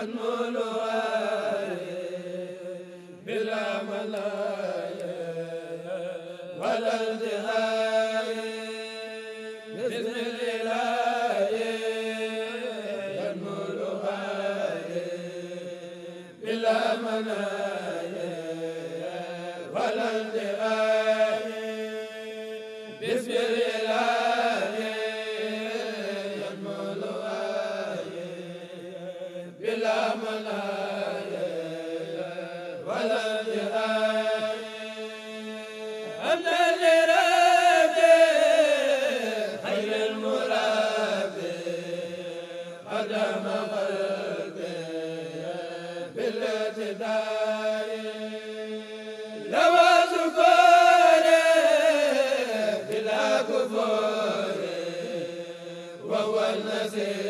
al mulk se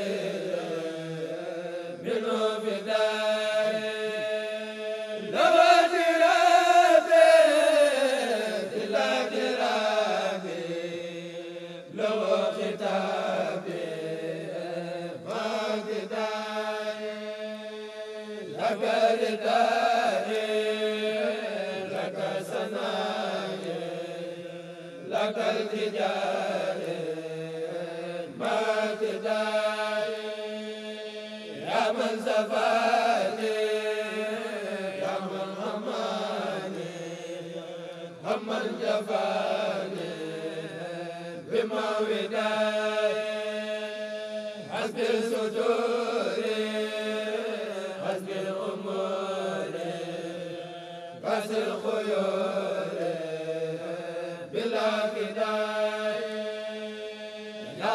ذا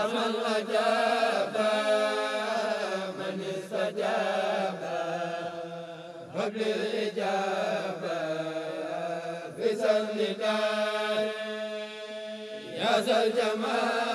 الجمال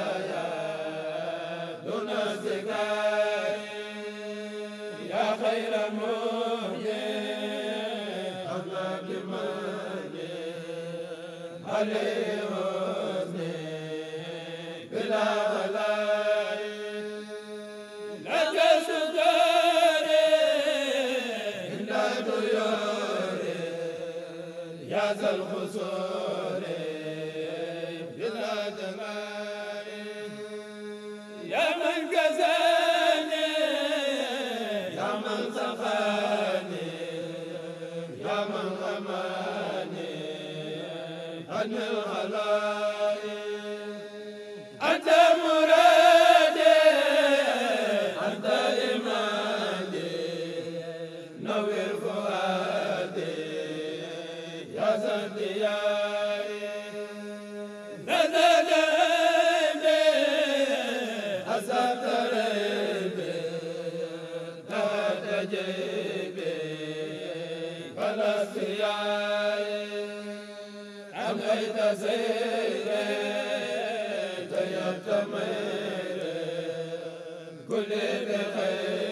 Allez كل بخير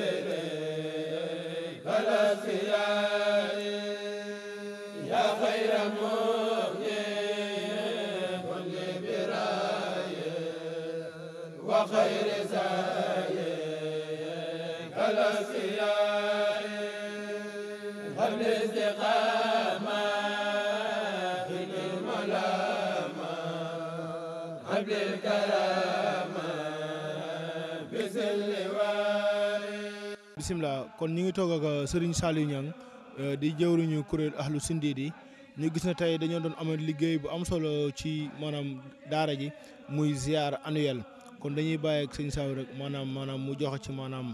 bisimilah kon ñu ngi toog ak euh, Serigne Saliou euh, di jëwriñu kuréel ahlu Sindidi ñu gis na tey dañoo doon amal liggéey bu am solo ci maanaam daara ji muy ziar annuel kon dañuy bàyyi ak sëñ Saliou rek maanaam maanaam mu joxe ci maanaam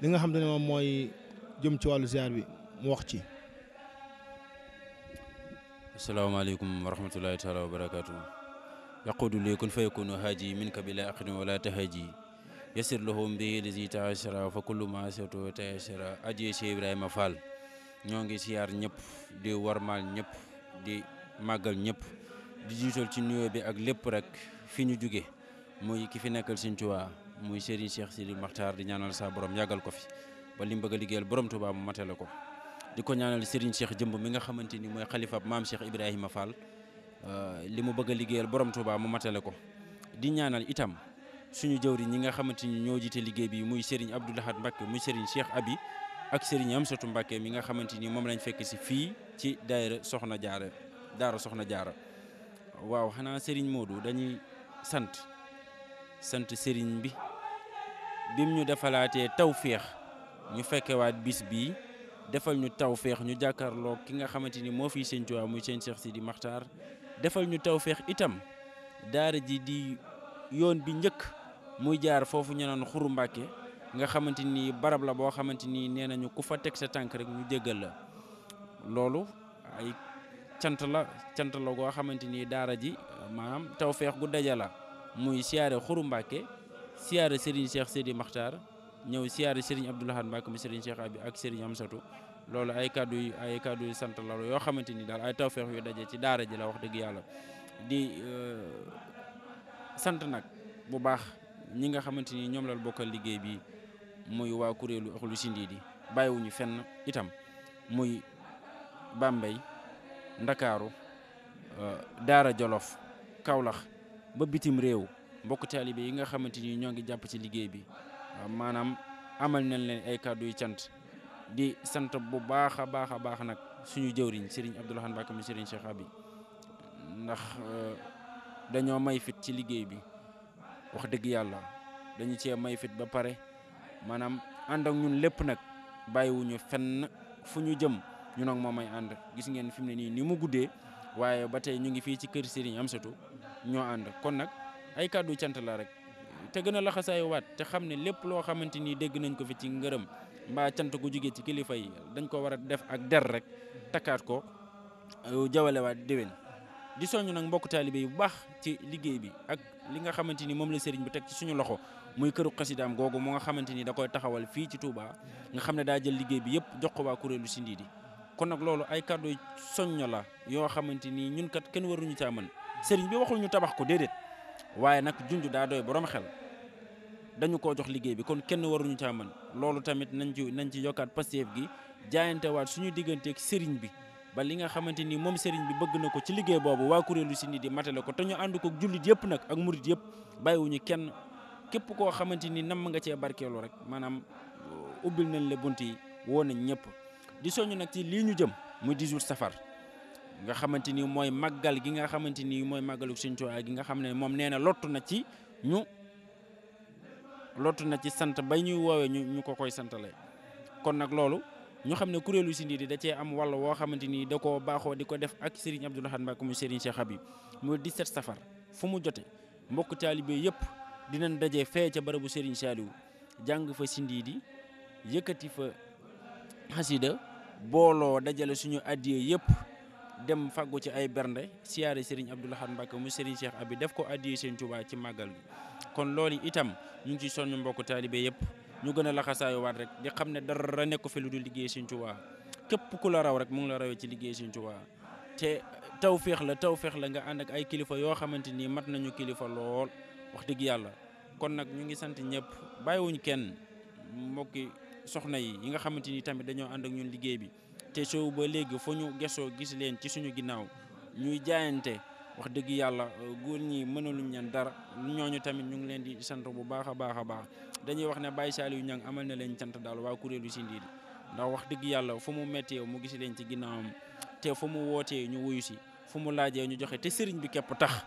li nga xam ne moom mooy jëm ci wàllu ziar bi mu wax ci. asalaamaaleykum wa rahmatulahi taala wa barakaatu. yaqudu li kun fayakunu haaji minka bila aqdin wala tahaji yasir lahum bihi lisi taasira fa kullu ma satu taasira aji Cheikh Ibrahima Fall ñoo ngi siyaar ñëpp di warmaal ñëpp di màggal ñëpp di jiital ci nuyoo bi ak lépp rek fi ñu jugee muy ki fi nekkal Sëñ Tuubaa muy Serigne Cheikh Sidi Maxtaar di ñaanal sa borom yàggal ko fi ba li bëgg a borom Tuubaa mu matale ko di ko ñaanal Serigne Cheikh jëmb mi nga xamante ni mooy xalifa maam Cheikh Ibrahima Fall euh, li mu bëgg a liggéeyal borom Tuubaa mu matale ko di ñaanal itam suñu jëwriñ ñi nga xamante ni ñoo jiite liggéey bi muy Serigne Abdou Lahad Mbacké muy Serigne Cheikh Abi ak Serigne Amsatou Mbacké mi nga xamante ni moom lañ fekk si fii ci daayira Soxna Jaara daara Soxna Jaara waaw xanaa Serigne Modou dañuy sant sant Serigne bi bim ñu defalaatee tawféex ñu fekkewaat bis bii defal ñu tawféex ñu jàkkaarloo ki nga xamante ni moo fi Sëñ Tuubaa muy Sëñ Cheikh di Maxtaar defal ñu tawféex itam daara ji di yoon bi njëkk muy jaar foofu ñu naan xuru Mbàkke nga xamante ni barab la boo xamante ni nee nañu ku fa teg sa tànk rek ñu jéggal la loolu ay cant la cant la goo xamante ni daara ji maanaam tawfeex gu daja la muy siyaare xuru Mbàkke siyaare Serigne Cheikh Seydi Makhtar ñëw siyaare Serigne Abdou Lahad Mbàkke mu Serigne Cheikh Abi ak Serigne Amsatu loolu ay kàddu ay kàddu yu sant la yoo xamante ni daal ay tawfeex yu daje ci daara ji la wax dëgg yàlla di euh, sant nag bu baax. ñi nga xamante ni ñoom lañ bokkal liggéey bi muy waa kuréelu axlu sindiidi bàyyiwuñu fenn itam muy Bambey Ndakaaru euh, Daara Jolof Kawlax ba bitim réew mbokk taalibe yi nga xamante ni ñoo ngi jàpp ci liggéey bi maanaam amal nañ leen ay kàddu yu cant di sant bu baax a baax a baax nag suñu jëwriñ sëriñ Abdou Lahad Mbacké mi Serigne Cheikh Abi ndax euh, dañoo may fit ci liggéey bi wax dëgg yàlla dañu cee may fit ba pare maanaam ànd ak ñun lépp nag bàyyiwuñu fenn fu ñu jëm ñu nag moom may ànd gis ngeen fi mu ne nii ni mu guddee waaye ba tey ñu ngi fii ci kër si Serigne Amsatou ñoo ànd kon nag ay kàddu cant la rek te gën a laxasaayu waat te xam ne lépp loo xamante nii dégg nañ ko fi ci ngërëm mbaa cant gu jugee ci kilifa yi dañ ko war a def ak der rek takkaat ko euh, jawale waat déwén di soññ nag mbokk taalibe bu baax ci liggéey bi ak li nga xamante ni moom la sëriñ bi teg ci suñu loxo muy këru xasidaam googu mu nga xamante ni da koy taxawal fii ci Touba nga xam ne daa jël liggéey bi yëpp jox ko waa kuréelu si ndiidi kon nag loolu ay kàddu soññ la yoo xamante ni ñun kat kenn waruñu caa mën sëriñ bi waxul ñu tabax ko déedéet waaye nag junj daa doy borom xel dañu ko jox liggéey bi kon kenn waruñu caa loolu tamit nañ ci nañ ci yokkaat pasteef gi jaayantewaat suñu digganteeg sëriñ bi ba li nga xamante ni moom sëriñ bi bëgg na ko ci liggéey boobu waa kuréelu si ni di matale ko te ñu ànd ko jullit yëpp nag ak murit yëpp ñu kenn képp koo xamante ni nam nga cee barkeelu rek maanaam ubbil nañ le bunt yi woo nañ ñëpp di soñu nag ci lii ñu jëm muy 18 safar nga xamante ni mooy màggal gi nga xamante ni mooy màggalu Sëriñ Tuubaa gi nga xam ne moom nee na lottu na ci ñu lottu na ci sant bay ñuy woowee ñu ñu ko koy santale kon nag loolu ñu xam ne kuréelu si Ndindi da cee am wàll woo xamante ni da ko baaxoo di ko def ak Serigne Abdou Lahad Mbacké mu Serigne Cheikh Habib mu 17 safar fu mu jote mbokk taalibe yëpp dinañ dajee fee ca barabu Serigne Saliou jàng fa si Ndindi yëkkati fa xasida booloo dajale suñu addiye yëpp dem fàggu ci ay bernde siyaare Serigne Abdou Lahad Mbacké mu Serigne Cheikh Habib def ko addiye seen Touba ci màggal mi kon loolu itam ñu ngi ciy soññ mbokk taalibe yëpp. ñu gën a waat rek di xam ne dara nekku fi lu dul liggéey Sëñ Tuubaa képp ku la raw rek mu ngi la rawee ci liggéey Sëñ Tuubaa te tawféex la tawféex la nga ànd ak ay kilifa yoo xamante nii mat nañu kilifa lool wax dëgg yàlla kon nag ñu ngi sant ñëpp bàyyiwuñ kenn mbokki soxna yi yi nga xamante ni tamit dañoo ànd ak ñun liggéey bi te soo ba léegi foo ñu gesoo gis leen ci suñu ginnaaw ñuy jaayante wax dëgg yàlla euh, góor ñii mënaluñ leen dara ñooñu tamit ñu ngi leen di sant bu baax a baax a baax dañuy wax ne Baye Saliou Niang amal na leen cant daal waa kuréelu si ndiir ndax wax dëgg yàlla fu mu méttee mu gis leen ci ginnaawam te fu mu wootee ñu wuyu si fu mu laajee ñu joxe te sëriñ bi képp tax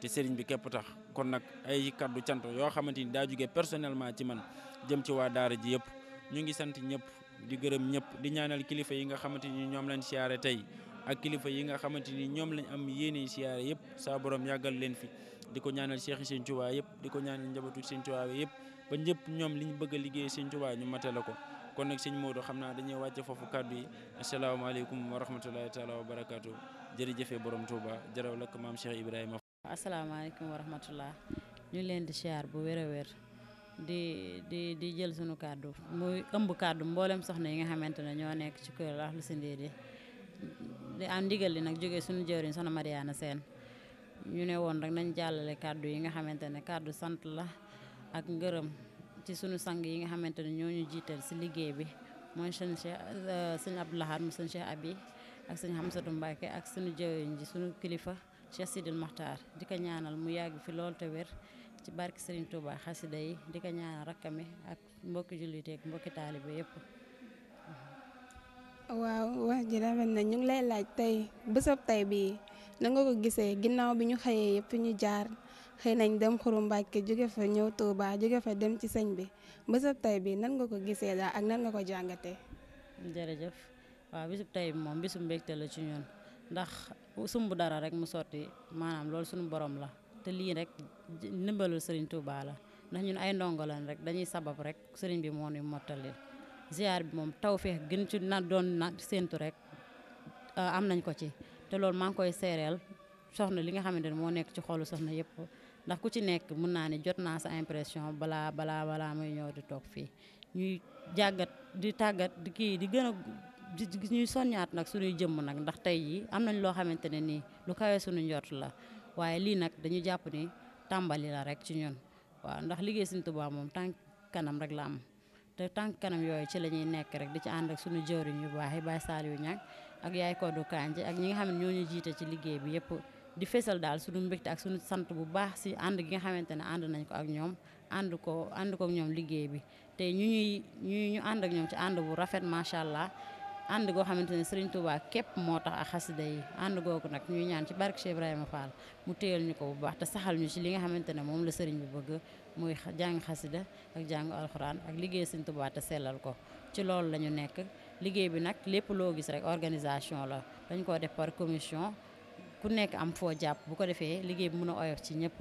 te sëriñ bi képp tax kon nag ay kaddu cant yoo xamante ni daa jugee personnellement ci man jëm ci waa daara ji yëpp ñu ngi sant ñëpp di gërëm ñëpp di ñaanal kilifa yi nga xamante ni ñoom lañ siyaare tey ak kilifa yi nga xamante ni ñoom lañ am yéene siyaare yëpp saa borom yàggal leen fi di ko ñaanal Cheikh Sëñ Tuubaa yëpp di ko ñaanal njabootu Sëñ Tuubaa yëpp ba ñëpp ñoom ñu bëgg a liggéey Sëñ Tuubaa ñu matale ko kon nag Sëñ Modou xam naa dañuy wàcce foofu kàddu yi asalaamaaleykum wa rahmatulahi taala wa barakaatu jërëjëfe borom Tuubaa jaraw lakk maam Cheikh Ibrahima asalaamaaleykum wa rahmatulah ñu leen di siyaar bu wér a wér di di jë jël sunu kàddu muy ëmb kàddu mboolem soxna yi nga xamante ne ñoo nekk ci kuréel Akhlou di am ndigal li nag jóge suñu jëwriñ soxna Mariana Sène ñu ne woon rek nañ jàllale kàddu yi nga xamante ne kàddu sant la ak ngërëm ci suñu sang yi nga xamante ne ñoo ñu jiital si liggéey bi mooy sëñ Cheikh euh, sëñ Abdou Lahad mu sëñ Cheikh Abi ak sëñ Hamsatu Mbacke ak sunu jëwriñ ji suñu kilifa Cheikh Sidil Maxtaar di ko ñaanal mu yàgg fi lool te wér ci barke Serigne Touba xasida yi di ko ñaanal rakkami ak mbokki julliteeg mbokki taalibe yëpp waaw wax ji rafet na ñu ngi lay laaj tey bésab tey bii na nga ko gisee ginnaaw bi ñu xëyee yëpp ñu jaar xëy nañ dem Xuru Mbàkke jóge fa ñëw Touba jóge fa dem ci sëñ bi bésab tey bii nan nga ko gisee daal ak nan nga ko jàngatee. jërëjëf waa bésub tey bi moom bésu mbégte la ci ñun ndax sumb dara rek mu sotti maanaam loolu suñu borom la te lii rek ndimbalul sëriñ tuubaa la ndax ñun ay ndongo lañ rek dañuy sabab rek sëriñ bi moo ñu mottalil ziar bi moom tawféex gën ci na doon na séntu rek euh, am nañ ko ci te loolu maa ngi koy seereel soxna li nga xamante ne moo nekk ci xolu soxna yëpp ndax ku ci nekk mun naa ne jot naa sa impression balaa balaa balaa muy ñëw di toog fii ñuy jàggat di tàggat di kii di gën a ñuy soññaat nag suñuy jëmm nag ndax tey jii am nañ loo xamante ne nii lu kawee suñu njort la waaye lii nag dañu jàpp ni tàmbali la rek ci ñun waaw ndax liggéey Sëñ Tuubaa moom tànk kanam rek la am te tànk kanam yooyu ci la ñuy nekk rek di ci ànd ak suñu jëwriñ yu baax yi Baye Saliou Niang ak yaay Kodou Kanji ak ñi nga xam ne ñoo ñu jiite ci liggéey bi yëpp di fesal daal suñu mbégte ak suñu sant bu baax si ànd gi nga xamante ne ànd nañ ko ak ñoom ànd ko ànd ko ak ñoom liggéey bi te ñu ñuy ñu ñu ànd ak ñoom ci ànd bu rafet macha allah. ànd goo xamante ne Serigne Touba képp moo tax ak xasida yi ànd googu nag ñuy ñaan ci barke Cheikh Ibrahima mu téyel ñu ko bu baax te saxal ñu ci li nga xamante ne moom la sëriñ bi bëgg muy jàng xasida ak jàng alxuraan ak liggéey Serigne Touba te sellal ko ci loolu la ñu nekk liggéey bi nag lépp loo gis rek organisation la dañ koo def par commission ku nekk am foo jàpp bu ko defee liggéey bi mën a oyof ci ñëpp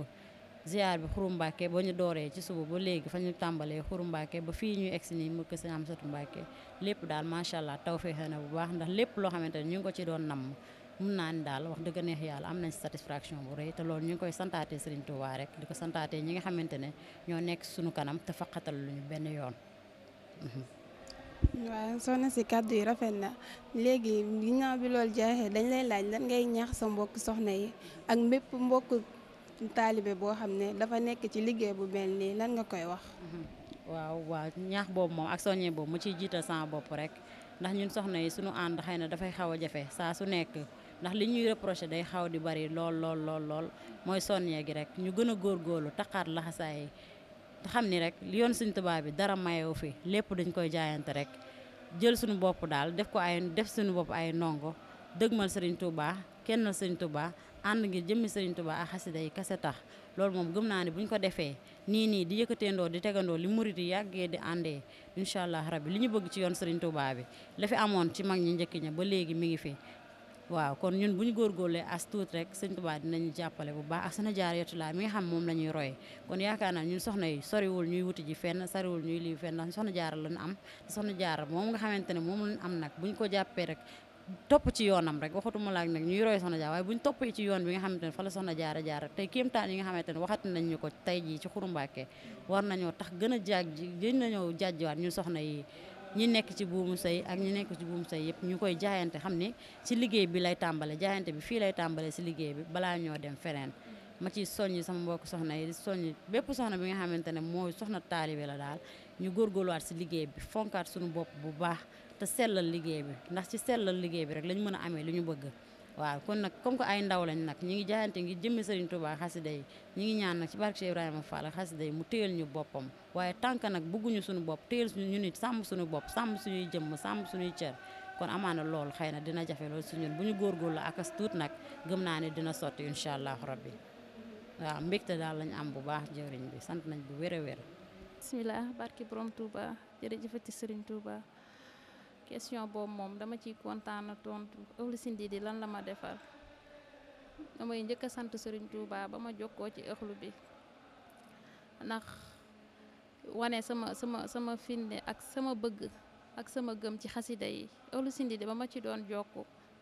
ziar bi Xuru Mbàkke ba ñu dooree ci suba ba léegi fa ñu tàmbalee Xuru Mbàkke ba fii ñuy egsi nii mu kër Sëñ Amsatu Mbàkke lépp daal macha allah tawféexe na bu baax ndax lépp loo xamante ni ñu ngi ko ci doon namm mun naa ni daal wax dëgg neex yàlla am nañ satisfaction bu rëy te loolu ñu ngi koy santaate Sëriñ Tuubaa rek di ko santaate ñi nga xamante ne ñoo nekk suñu kanam te faqatal luñu benn yoon mmh. waaw soxna si kàddu yi rafet na léegi ginnaaw bi loolu jeexee dañ lay laaj lan ngay ñaax sa mbokk soxna yi ak mbépp mbokk taalibe boo xam ne dafa nekk ci liggéey bu mel nii lan nga koy wax. waaw ñaax boobu moom ak soññe boobu mu ciy jiital sama bopp rek ndax ñun soxna yi suñu ànd xëy na dafay xaw a jafe saa su nekk ndax li ñuy reproché day xaw di bari lool lool lool lool mooy soññe gi rek ñu gën a góorgóorlu taqaat laxasaay te xam ni rek yoon suñu tubaab bi dara mayewu fi lépp dañ koy jaayante rek jël suñu bopp daal def ko ay def suñu bopp ay ndongo dëgmal Serigne Touba kennal Serigne Touba. ànd ngir jëmmi sëriñ Tuubaa ak xasida yi kase tax loolu moom gëm naa ne bu ñu ko defee nii nii di yëkkateendoo di tegandoo li murit di yàggee di àndee incha allah rabbi li ñu bëgg ci yoon sëriñ Tuubaa bi la amoon ci mag ñu njëkk ña ba léegi mi ngi fi waaw kon ñun bu ñu góorgóorlee as tuut rek sëriñ Tuubaa dinañu jàppale bu baax ak sana jaar yotulaa mi nga xam moom la ñuy roye kon yaakaar naa ñun soxna yi soriwul ñuy wuti ji fenn sariwul ñuy lii fenn ndax soxna jaar lañu am soxna jaar moom nga xamante ne moom am nag bu ko jàppee rek topp ci yoonam rek waxatuma laaj nag ñuy roy soxna jaar waaye buñ toppee ci yoon bi nga xamante ne fa la soxna jaara jaara tey kéemtaan yi nga xamante ne waxat nañ ñu ko tey jii ci xurumbàkkee war nañoo tax gën a jaaj ji gën nañoo jaajjiwaat ñun soxna yi ñi nekk ci buumu sëy ak ñu nekk ci buumu sëy yëpp ñu koy jaayante xam ni ci liggéey bi lay tàmbale jaayante bi fii lay tàmbale si liggéey bi balaa ñoo dem feneen ma ci soññi sama mbokk soxna yi di bépp soxna bi nga xamante ne mooy soxna taalibe la daal ñu góorgóorluwaat ci liggéey bi fonkaat suñu bopp bu baax te sellal liggéey bi ndax ci sellal liggéey bi rek lañ mën a amee li ñu bëgg waaw kon nag comme que ay ndaw lañ nag ñi ngi jaayante ngi jëmmi Sëriñ Tuubaa xasida yi ñi ngi ñaan nag ci barke Cheikh Ibrahima Fall xasida yi mu téyal ñu boppam waaye tànk nag bëgguñu suñu ñu nit sàmm suñu bopp sàmm suñuy suñuy cër kon amaana loolu xëy na dina jafe loolu si bu ñu góorgóorlu ak as tuut nag gëm naa ne dina sotti incha allahu rabbi waaw mbégte daal lañ am bu baax jariñ bi sant nañ bu wér a wér bisimilah barki borom Touba jërëjëfati Sëriñ Touba question boobu moom dama ciy kontaan tontu Eukhly Ndidi lan la ma defal damay njëkk a sant Serigne Touba ba ma jokkoo ci ëxlu bi ndax wane sama sama sama finde ak sama bëgg ak sama gëm ci xasida yi Eukhly Ndidi ba ma ci doon jokk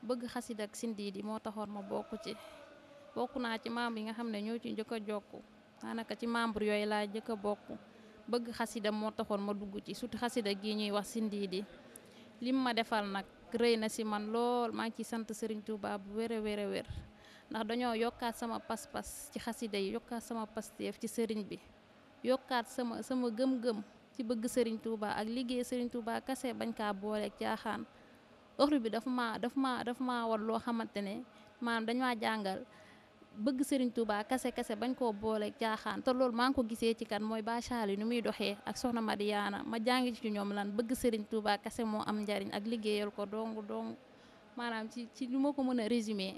bëgg xasida ak Ndidi moo taxoon ma bokk ci bokk naa ci membre yi nga xam ne ñoo ci njëkk a jokk daanaka ci membre yooyu laa njëkk bokk bëgg xasida moo taxoon ma dugg ci surtout xasida gii ñuy wax Ndidi lim ma defal nag rëy na si man lool maa ngi ciy sant Serigne Touba bu wér ndax dañoo yokkaat sama pas-pas ci xasida yi yokkaat sama pasteef ci sëriñ bi yokkaat sama sama gëm-gëm ci bëgg Serigne Touba ak liggéey Serigne Touba kase bañ kaa booleeg caaxaan ëxlu bi dafa maa dafa maa dafa maa war loo xamante ne maanaam dañ maa jàngal bëgg Serigne Touba kase kase bañ koo boole caaxaan te loolu maa ngi ko gisee ci kan mooy bachaal yi ni muy doxee ak soxna Madiana ma jàngi ci ñoom lan bëgg Serigne Touba kase moo am njariñ ak liggéeyal ko dong dong maanaam ci ci lu ma ko mën a résumé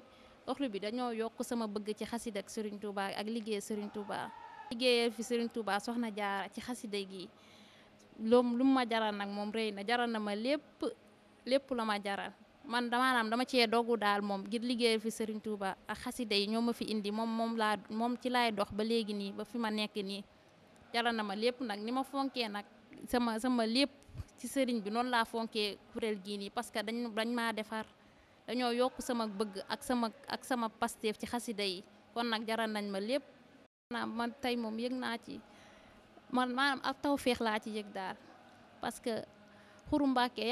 oxlu bi dañoo yokk sama bëgg ci xasida ak Serigne ak liggéey Serigne Touba. liggéeyal fi Serigne Touba soxna jaara ci xasida gi loom lu ma jaral nag moom rëy na jaral na ma lépp lépp la ma jaral. man maanaam dama cee dogu daal moom ngir liggéeyal fi Serigne Touba ak xasida yi ñoo ma fi indi moom moom laa moom ci laay dox ba léegi nii ba fi ma nekk nii jara na ma lépp nag ni ma fonkee nag sama sama lépp ci sëriñ bi noonu laa fonkee kuréel gii nii parce que dañ dañ maa defar dañoo yokk sama bëgg ak sama ak sama pasteef ci xasida yi kon nag jaral nañ ma lépp man tey moom yëg naa ci man maanaam ak taw feex laa ci yëg daal parce que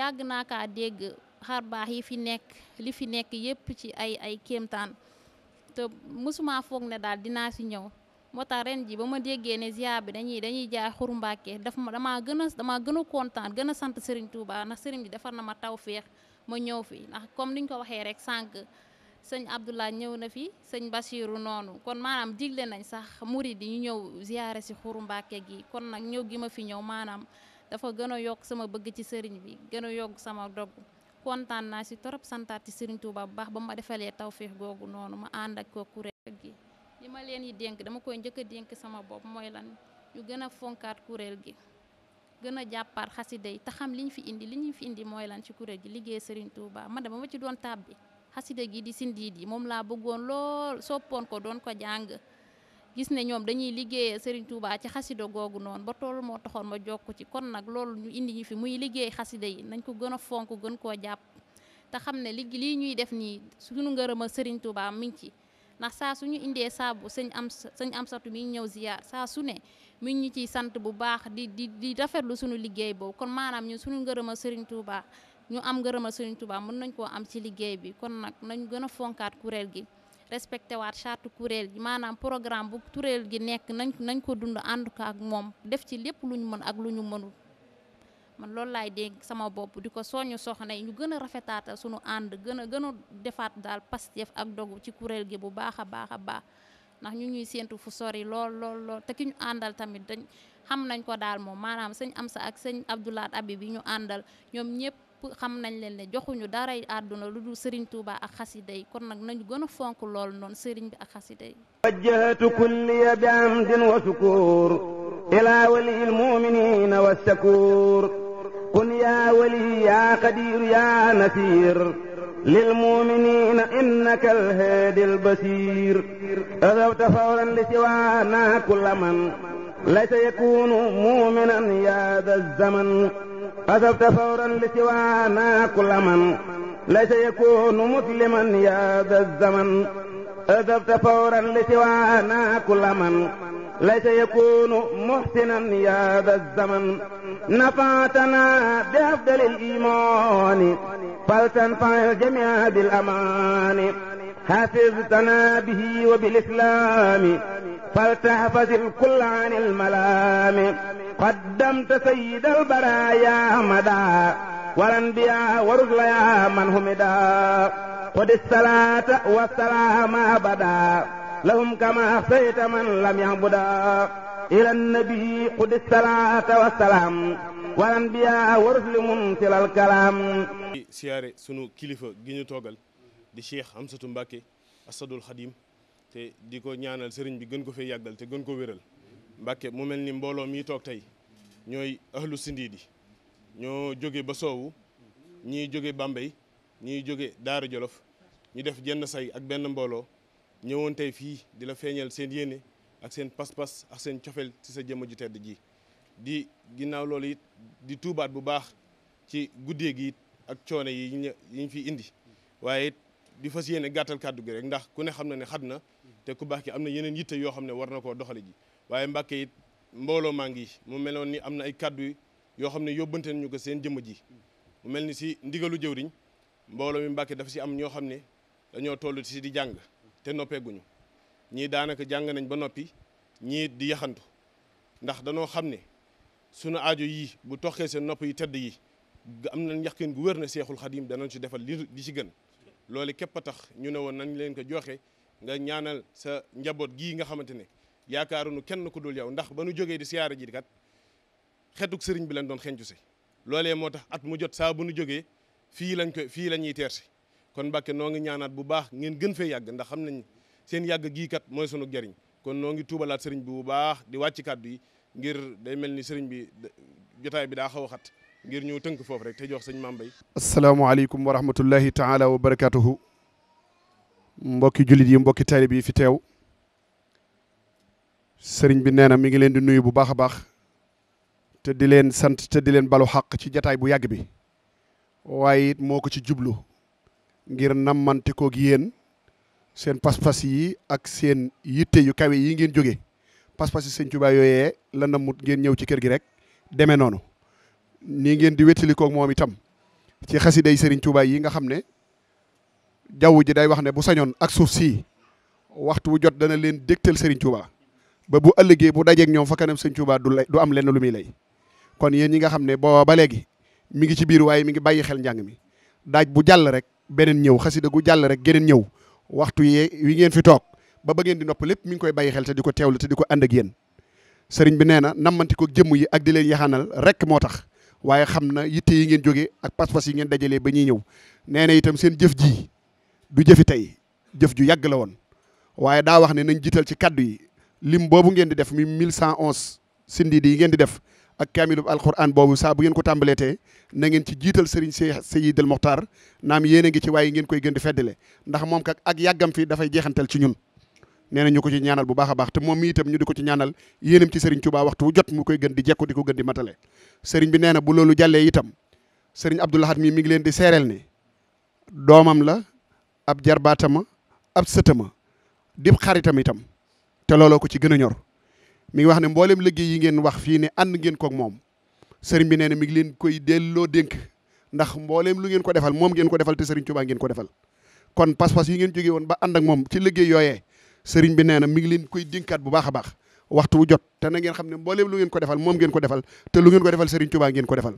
yàgg naa kaa dégg xar baax yi fi nekk li fi nekk yépp ci ay ay kéemtaan te mosuma foog ne daal dinaa si ñëw moo tax ren ji ba ma déggee ne ziar bi dañuy dañuy jaay xuru Mbàkke daf ma damaa gën a damaa gën a kontaan gën a sant Serigne Touba ndax Serigne bi defar na ma tawféex ma ñëw fi ndax comme niñ ko waxee rek sànq sëñ Abdoulaye ñëw na fi sëñ Bassirou noonu kon maanaam digle nañ sax murid yi ñu ñëw ziare si xuru Mbàkke gi kon nag ñëw gi ma fi ñëw maanaam dafa gën a yokk sama bëgg ci sëriñ bi gën a yokk sama dogg kontaan naa si torop santaat ci Serigne Touba bu baax ba ma defalee tawféex googu noonu ma ànd ak ko kuréel gi li ma leen yi dénk dama koy njëkk a dénk sama bopp mooy lan ñu gën a fonkaat kuréel gi gën a jàppaat xasida yi te xam li ñu fi indi li ñu fi indi mooy lan ci kuréel gi liggéey Serigne Touba man dama ma ci doon tàbbi xasida gi di sindiit yi moom laa bëggoon lool soppoon ko doon ko jàng gis ne ñoom dañuy liggéeyee Serigne Touba ci xasida googu noonu ba tool moo taxoon ma jokk ci kon nag loolu ñu indi ñu fi muy liggéey xasida yi nañ ko gën a fonk gën koo jàpp te xam ne li lii ñuy def nii suñu ngërëm ak Serigne Touba mi ngi ci ndax saa suñu indee saabu sëñ am sëñ am satu ñëw ziyaar saa su ne mi ñu ciy sant bu baax di di di rafetlu sunu liggéey boobu kon maanaam ñu suñu ngërëm a Serigne Touba ñu am ngërëma a Serigne Touba mën nañ koo am ci liggéey bi kon nag nañ gën a fonkaat kuréel gi respecté waat charte kuréel gi maanaam programme bu kuréel gi nekk nañ nañ ko dund ànd ko ak moom def ci lépp lu ñu mën ak lu ñu mënul man loolu laay dénk sama bopp di ko soññ soxna yi ñu gën a rafetaatal suñu ànd gën a gën a defaat daal Pastef ak dogu ci kuréel gi bu baax a baax a baax ndax ñu ñuy séentu fu sori lool lool lool te ki ñu àndal tamit dañ xam nañ ko daal moom maanaam sëñ Amsa ak sëñ Abdoulaat Abi bi ñu àndal ñoom ñëpp xam nañ leen ne joxuñu dara àdduna lu dul sëriñ Tuuba ak xasida yi kon nag nañu gën a fonk lool noonu sëriñ bi ak xasida yi wajjahtu kulliya bi amdin wa sukuur ilaa waliyil mu'miniina wa sakuur kun yaa wali yaa qadiir yaa nasiir lil mu'miniina innaka alhaadi albasiir azawta fawran li siwaanaa kulla man laysa yakuunu mu'minan yaa da zaman أثبت فورا لسوانا كل من ليس يكون مسلما يا ذا الزمن أذبت فورا لسوانا كل من ليس يكون محسنا يا ذا الزمن نفعتنا بأفضل الإيمان فلتنفع الجميع بالأمان حفظتنا به وبالإسلام فلتحفظ الكل عن الملام قدمت سيد البرايا مدى والأنبياء ورسل يا من همدا خذ الصلاة والسلام أبدا لهم كما أخفيت من لم يعبدا إلى النبي خذ الصلاة والسلام والأنبياء ورسل منزل الكلام siyaare sunu kilifa gi ñu toogal di Cheikh Amsatou Mbacke Asadul Xadim te di ko ñaanal sëriñ bi gën ko fee yàggal te gën ko wéral Mbacke mu mel ni mbooloo mi toog tey ñooy ahlu sindiidi ñoo jóge ba soowu ñuy jóge Bambey ñuy jóge Daara Jolof ñu def jenn say ak benn mbooloo ñëwoon tey fii di la feeñal seen yéene ak seen pas-pas ak seen cofeel ci sa jëmm ju tedd ji di ginnaaw loolu it di tuubaat bu baax ci guddee gi it ak coono yi ñu fi indi waaye it di fas yéene gàttal kàddu gi rek ndax ku ne xam na ne xat na te ku baax ki am na yeneen yitte yoo xam ne war na koo doxale ji waaye Mbàkke it mbooloo maa ngi mu meloon ni am na ay kàddu yoo xam ne yóbbante nañu ko seen jëmm ji mu mel ni si ndigalu jëwriñ mbooloo mi Mbàkke dafa si am ñoo xam ne dañoo toll si di jàng te noppeeguñu ñii daanaka jàng nañ ba noppi ñii di yaxantu ndax danoo xam ne sunu aajo yii bu toqee seen nopp yi tedd yi am nañ yaqin gu wér na Seexul Xadiim danañ si defal li li ci gën loolu képp a tax ñu ne woon nañ leen ko joxe nga ñaanal sa njaboot gi nga xamante ne nu kenn ku dul yow ndax ba nu jógee di siyaara ji kat xetuk sëriñ bi lañ doon xencu si loole moo tax at mu jot saa bu nu jógee fii lañ ko fii la ñuy teer si kon Mbàkke noo ngi ñaanaat bu baax ngeen gën fee yàgg ndax xam nañ seen yàgg gii kat mooy sunu jariñ kon noo ngi tuubalaat sëriñ bi bu baax di wàcc kàddu yi ngir day mel ni sëriñ bi jotaay bi daa xaw a xat ngir ñu tënk foofu rek te jox sëñ Mame Mbaye asalaamaaleykum wa rahmatullahi taala wa barakatuhu mbokki jullit yi mbokki taalib yi fi teew sëriñ bi nee na mi ngi leen di nuyu bu baax a baax te di leen sant te di leen balu xaq ci jataay bu yàgg bi waaye it moo ko ci jublu ngir nammante koog yéen seen pas-pas yi ak seen yitte yu kawe yi ngeen jóge pas-pas yi sëñ Tuubaa yooyee la nammut ngeen ñëw ci kër gi rek deme noonu nii ngeen di wétali moom itam ci xasiday sëriñ Touba yi nga xam ne jaww ji day wax ne bu sañoon ak suuf sii waxtu wu jot dana leen dégtal sëriñ Touba ba bu ëllëgee bu dajeeg ñoom fa kanam Serigne Touba du lay du am lenn lu muy lay kon yéen yi nga xam ne booba ba léegi mi ngi ci biir waaye mi ngi bàyyi xel njàng mi daaj bu jàll rek beneen ñëw xasida gu jàll rek geneen ñëw waxtu yee wi ngeen fi toog ba ba ngeen di nopp lépp mi ngi koy bàyyi xel te di ko teewlu te ko ànd yéen sëriñ bi nee na nammanti ko yi ak di leen yaxaanal rek moo tax waaye xam na yitte yi ngeen jóge ak pas-pas yi ngeen dajalee ba ñuy ñëw nee itam seen jëf ji du jëfi tey jëf ju yàgg la woon waaye daa wax ne nañ jiital ci kàddu yi lim boobu ngeen di def mi 1111 sindi di yi ngeen di def ak kaamilu alquran boobu saa bu ngeen ko tàmbaleetee na ngeen ci jiital sëriñ Seydil Mokhtar naam yéen a ngi ci waaye ngeen koy gën di feddale ndax moom kat ak yàggam fi dafay jeexantal ci ñun nee na ñu ko ci ñaanal bu baax a baax te moom mi itam ñu di ko ci ñaanal yéenam ci Serigne Touba waxtu wu jot mu koy gën di jekku di ko gën di matale Serigne bi neena bu loolu jàllee itam Serigne Abdou Lahad mii mi ngi leen di seereel ne doomam la ab jarbaatama ab sëtama dib xaritam itam te looloo ko ci gën a ñor mi ngi wax ne mboolem liggéey yi ngeen wax fii ne ànd ngeen koog moom Serigne bi nee mi ngi leen koy loo dénk ndax mbooleem lu ngeen ko defal moom ngeen ko defal te Serigne Touba ngeen ko defal kon pas-pas yi ngeen jógee woon ba ànd ak moom ci liggéey yooyee sëriñ bi nee na mi ngi leen koy dénkaat bu baax a baax waxtu wu jot te na ngeen xam ne mbooleem lu ngeen ko defal moom ngeen ko defal te lu ngeen ko defal sëriñ Tuubaa ngeen ko defal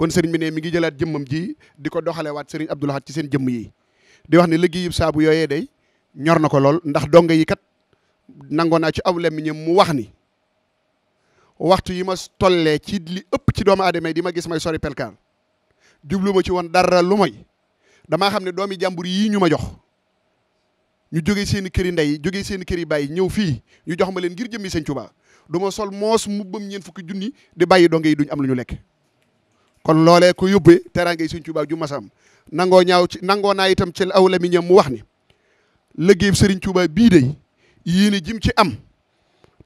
kon sëriñ bi ne mi ngi jëlaat jëmmam ji di ko waat sëriñ Abdou Lahad ci seen jëmm yi di wax ne liggéeyub saabu yooyee day ñor na ko lool ndax donga yi kat nangoo naa ci aw lemmiñam mu wax ni waxtu yi ma tollee ci li ëpp ci doomu aadama yi di ma gis may sori pelkaan jublu ma ci woon dara lu moy damaa xam ne doomi jàmbur yii ñu ma jox ñu jógee seen i kër yi ndey jógee seen i kër yi bàyyi ñëw fii ñu jox ma leen ngir jëmmi sëñ Tuubaa du ma sol moos mubbam ñeen fukki junni di bàyyi donge yi duñ am lu ñu lekk kon loolee ko yóbbee teraangay sëñ Tuubaa ju masam nangoo ñaaw ci nangoo naa itam ci aw la mu wax ni liggéey sëriñ Tuubaa bii day yéene jim ci am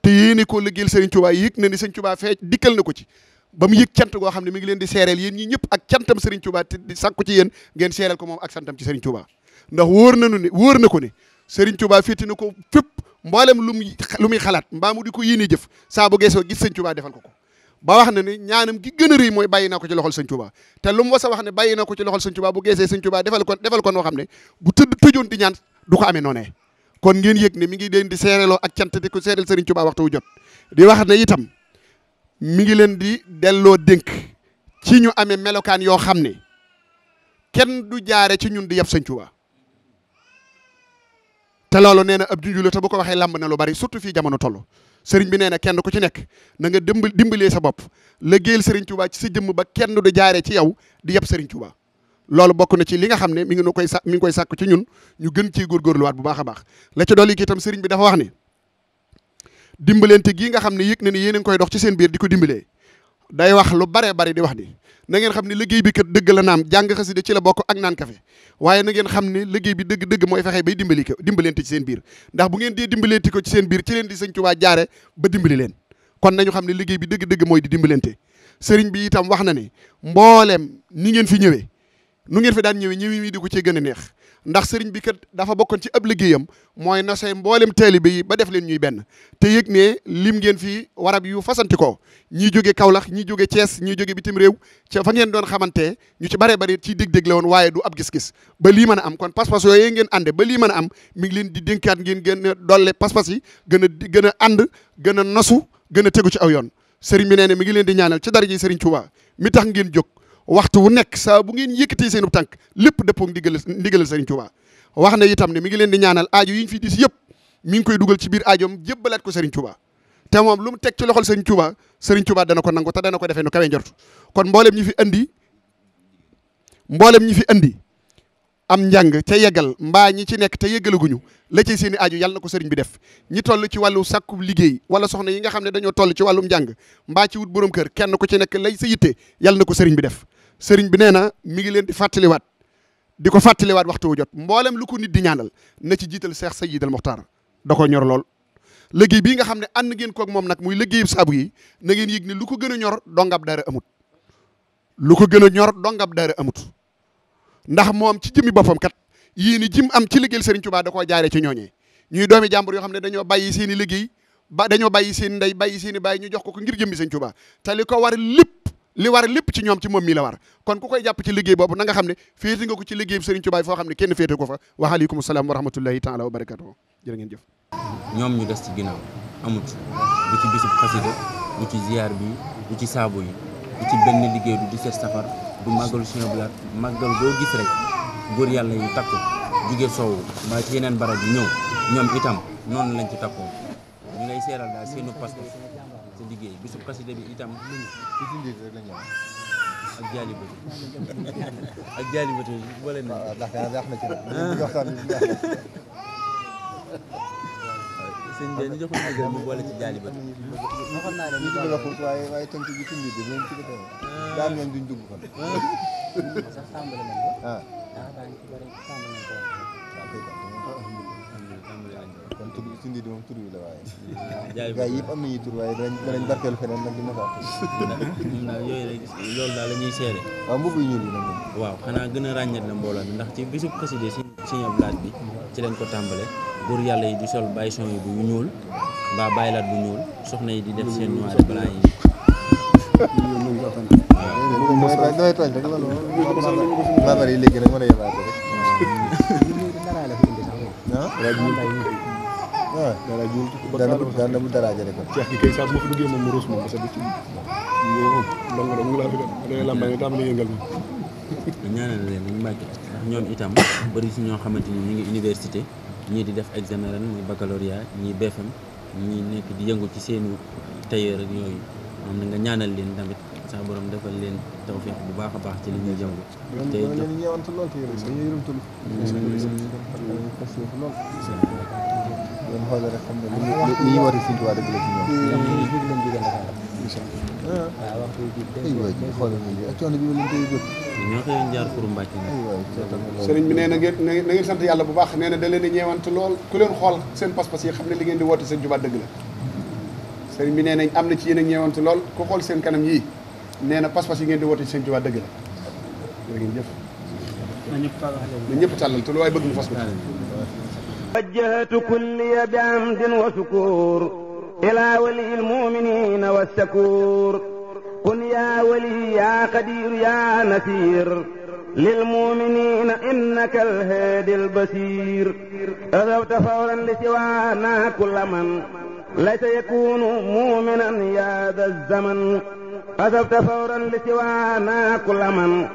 te yéene ko liggéeyal sëriñ Tuubaa yëg na ni sëñ Tuubaa fee dikkal na ko ci ba mu yëg cant goo xam ne mi ngi leen di seereel yéen ñi ñëpp ak cantam sëriñ Tuubaa te di sàkku ci yéen ngeen seereel ko moom ak santam ci sëriñ Tuubaa ndax wóor nañu ne wóor na ko ne Serigne Touba féeti na ko fépp mboolem lu muy lu muy xalaat mbaa mu di ko yéene jëf saa bu geesoo gis Serigne Touba defal ko ko ba wax na ne ñaanam gi gën a mooy bàyyi naa ko ci loxol Serigne Touba te lu mu wasa wax ne bàyyi naa ko ci loxol Serigne Touba bu geesee Serigne Touba defal ko defal ko noo xam ne bu tëdd tëjoon di ñaan du ko amee noonee kon ngeen yëg ne mi ngi leen di seereloo ak cant di ko seerel Serigne Touba waxtu wu jot di wax ne itam mi ngi leen di delloo dénk ci ñu amee melokaan yoo xam ne kenn du jaare ci ñun di yab Serigne Touba te loolu nee ab junju la te bu ko waxee làmb na lu bari surtout fii jamono toll sëriñ bi nee na kenn ku ci nekk na nga dimbal dimbalee sa bopp liggéeyal sëriñ Tuubaa ci sa jëmm ba kenn du jaaree ci yow di yab sëriñ Tuubaa loolu bokk na ci li nga xam ne mi ngi nu koy sa mi ngi koy sàkk ci ñun ñu gën ciy góorgóorluwaat bu baax a baax la ci dolli tam sëriñ bi dafa wax ni dimbalante gii nga xam ne yëg na ni yéen a koy dox ci seen biir di ko dimbalee day wax lu baree bari di ni na xam ne liggéey bi kat dëgg la naam jàng xasida ci la bokk ak naan kafe waaye na ngeen xam ne liggéey bi dëgg dëgg mooy fexe bay dimbali ko dimbaleen ti seen biir ndax bu ngeen dee dimbalente ko ci seen biir ci leen di sëñ Tuubaa jaare ba dimbali leen kon nañu xam ne liggéey bi dëgg dëgg mooy di dimbalente sëriñ bi itam wax na ne mbooleem ni ngeen fi ñëwee nu ngeen fi daan ñëwee ñëwi wii di ko cee gën neex ndax sëriñ bi kat dafa bokkoon ci ab liggéeyam mooy na say mboolem taalibe yi ba def leen ñuy benn te yëg ne lim ngeen fii warab yu fasanti ko jóge Kaolack ñi jóge cees ñii jóge bitim réew ca fa ngeen doon xamante ñu ci bare bare ciy dég-dég la woon waaye du ab gis-gis ba lii mën a am kon pas-pas yooyu ngeen ànde ba lii mën am mi ngi leen di dénkaat ngeen gën dolle pas-pas yi gën a gën gën a nosu gën a tegu ci aw yoon sëriñ bi nee mi ngi leen di ñaanal ci daraja Sëriñ Tuubaa mi ngeen jóg waxtu wu nekk saa bu ngeen yëkkatee bu tànk lépp dëppoo ndigal ndigalal Serigne Touba wax na itam ne mi ngi leen di ñaanal aajo yiñ ñu fi gis yëpp mi ngi koy dugal ci biir aajoom jébbalaat ko Serigne Touba te moom lu mu teg ci loxol Serigne Touba Serigne Touba dana ko nangu te dana ko defee nu kawe njort kon mboolem ñi fi andi mboolem ñi fi andi am njàng te yeggal mbaa ñi ci nekk te yegalaguñu la ci seen i aajo yàlla ko sëriñ bi def ñi toll ci wàllu sàkku liggéey wala soxna yi nga xam ne dañoo toll ci wàllum njàng mbaa ci borom kër kenn ku ci nekk lay sa yitte yàlla na ko sëriñ bi def sëriñ bi nee na mi ngi leen di fàttaliwaat di ko fàttaliwaat waxtu wu jot mboolem lu ko nit di ñaanal na ci jiital seex sayyidal muxtaar da ko ñor lool. liggéey bii nga xam ne ànd ngeen kook moom nag muy liggéeyub saabu yi na ngeen yëg ne lu ko gën a ñor dongab dara amut lu ko gën a ñor dongab dara amut ndax moom ci jëmi boppam kat ni jim am ci liggéeyal sëriñ Tuubaa da koo jaaree ci ñooñee ñuy doomi jàmbur yoo xam ne dañoo bàyyi seeni i liggéey ba dañoo bàyyi seen ndey bàyyi seen i bàyyi ñu jox ko ko ngir jëmmi sëriñ Tuubaa te li ko war lépp li war lépp ci ñoom ci moom mi la war kon ku koy jàpp ci liggéey boobu na nga xam ne féete nga ko ci liggéey Serigne Touba foo xam ne kenn féete ko fa wa aleykum salaam wa rahmatullahi ñoom ñu des ci ginnaaw amut du ci bisub xasida du ci ziar bi ci saabu yi ci benn liggéey du 17 safar du màggalu Sëñ Abdou Lahad màggal boo gis rek góor yàlla yu takku jugee soowu mbaa ci yeneen barab yi ñëw ñoom itam noonu lañ ci takkoo ñu lay seeral daal seenu pas-pas te liggéey bisub xasida bi itam ci ci njiit rek la ñëw ak jaalibatu ak jaalibatu boole na ndax yàq na ci nag waxtaan bi sëñ bi ñu jox ko ndigal mu boole ci jaalibatu waxoon naa leen ñu bëgg a xut waaye waaye tënk bi ci njiit bi moom ci defee daal ñoom duñ dugg kon sax tàmbali nañ ko ah tur bi suñu di moom tur bi la waaye. jaay gaa yëpp am nañu tur waaye danañ danañ barkeelu feneen nag dina faa. ñun daal yooyu rek loolu daal la seere. waaw mbubb yu ñuul waaw xanaa gën a ràññat na mbooloo mi ndax ci bisub xaside si Sëñ Abdou Lahad bi ci lañ ko tàmbale góor yàlla yi di sol bàyyi son yi bu ñuul mbaa bàyyi laat bu ñuul soxna yi di def seen noir blanc yi. waaw damay tooñ rek loolu moom. baabar yi léegi rek mën a yebaate rek. ah. waaw dara jiw daan na bu daraaje rek. ceex gi kay saa su ma fi duggee moom mu ruus moom parce que ci moom mu ngi laa fi def da ngay lambay nga tàmbali yëngal moom. ñaanal leen ñu mbàcc ndax ñoom itam bëri si ñoo xamante ni ñu ngi université ñii di def examen ren muy baccalauréat ñii BFM ñii nekk di yëngu ci seenu tailleur ak yooyu moom na nga ñaanal leen tamit sax borom defal leen tawfeex bu baax a baax ci li ñuy yëngu. te itam lool mu xoolee rek xam ne li ñu war a sintuwaat rek la ci ñoom. waaw waxtu bi dégg nga dégg xoolal ma lii ak coono bi ma leen koy jot. ñoo koy jaar pour Mbacke. sëriñ bi nee na ngeen na ngeen sant yàlla bu baax nee na da leen di ñeewante lool ku leen xool seen pas-pas yi xam ne li ngeen di woote seen jubaat dëgg la. sëriñ bi nee nañ am na ci yéen a ñeewante lool ku xool seen kanam yii nee na pas-pas yi ngeen di woote seen jubaat dëgg la. jërë ngeen jëf. na ñëpp tàllal te lu waay bëgg mu fas ko. وجهت كلي بعمد وشكور إلى ولي المؤمنين والشكور قل يا ولي يا قدير يا نسير للمؤمنين إنك الهادي البصير أذوت فورا لسوانا كل من ليس يكون مؤمنا يا ذا الزمن أذوت فورا لسوانا كل من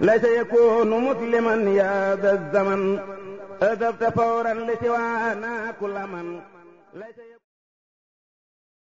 ليس يكون مسلما يا ذا الزمن أذبت فورا لسوانا كل من